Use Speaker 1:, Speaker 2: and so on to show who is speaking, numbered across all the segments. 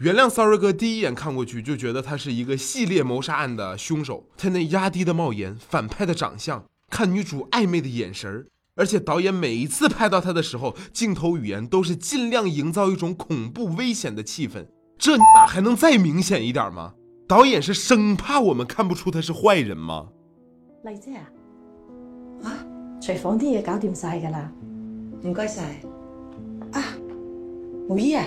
Speaker 1: 原諒，Sorry 哥，第一眼看過去就覺得他是一個系列謀殺案的凶手。他那壓低的帽檐，反派的長相，看女主曖昧的眼神，而且導演每一次拍到他的時候，鏡頭語言都是盡量營造一種恐怖危險的氣氛。這你媽還能再明顯一點嗎？導演是生怕我們看不出他是壞人嗎？麗姐啊，啊，廚房啲嘢搞掂晒㗎喇，唔該晒。啊，梅姨啊。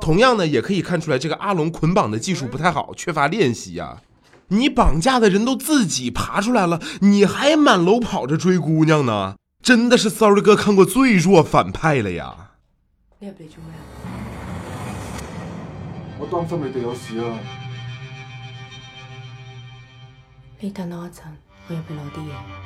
Speaker 1: 同樣呢，也可以看出來這個阿龍捆綁的技術不太好，缺乏練習呀、啊。你綁架的人都自己爬出來了，你還滿樓跑着追姑娘呢？真的是 sorry 哥看過最弱反派了呀！你也別追了，我擔心你哋有事啊。你等我一陣，我要去攞啲嘢。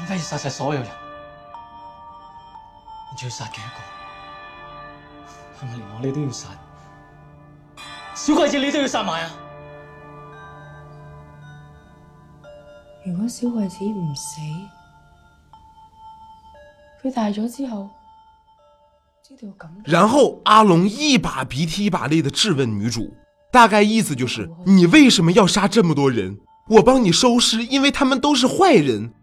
Speaker 1: 並非要殺晒所有人，你仲要殺殺幾個，係咪連我你都要殺？小鬼子你都要殺埋啊！如果小鬼子唔死，佢大咗之後，就有感覺。然後阿龍一把鼻涕一把淚的質問女主，大概意思就是：你為什麼要殺這麼多人？我幫你收屍，因為他們都是壞人。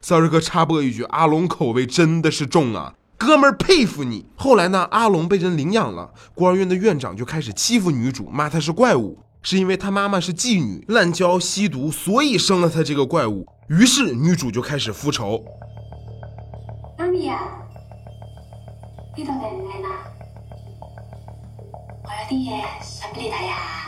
Speaker 1: sorry 哥插播一句，阿龍口味真的是重啊，哥們兒佩服你。後來呢，阿龍被人領養了，孤兒院的院長就開始欺負女主，罵她是怪物，是因為她媽媽是妓女，濫交吸毒，所以生了她這個怪物。於是女主就開始復仇。媽咪啊，你到點來啦，我有啲嘢想俾你睇呀。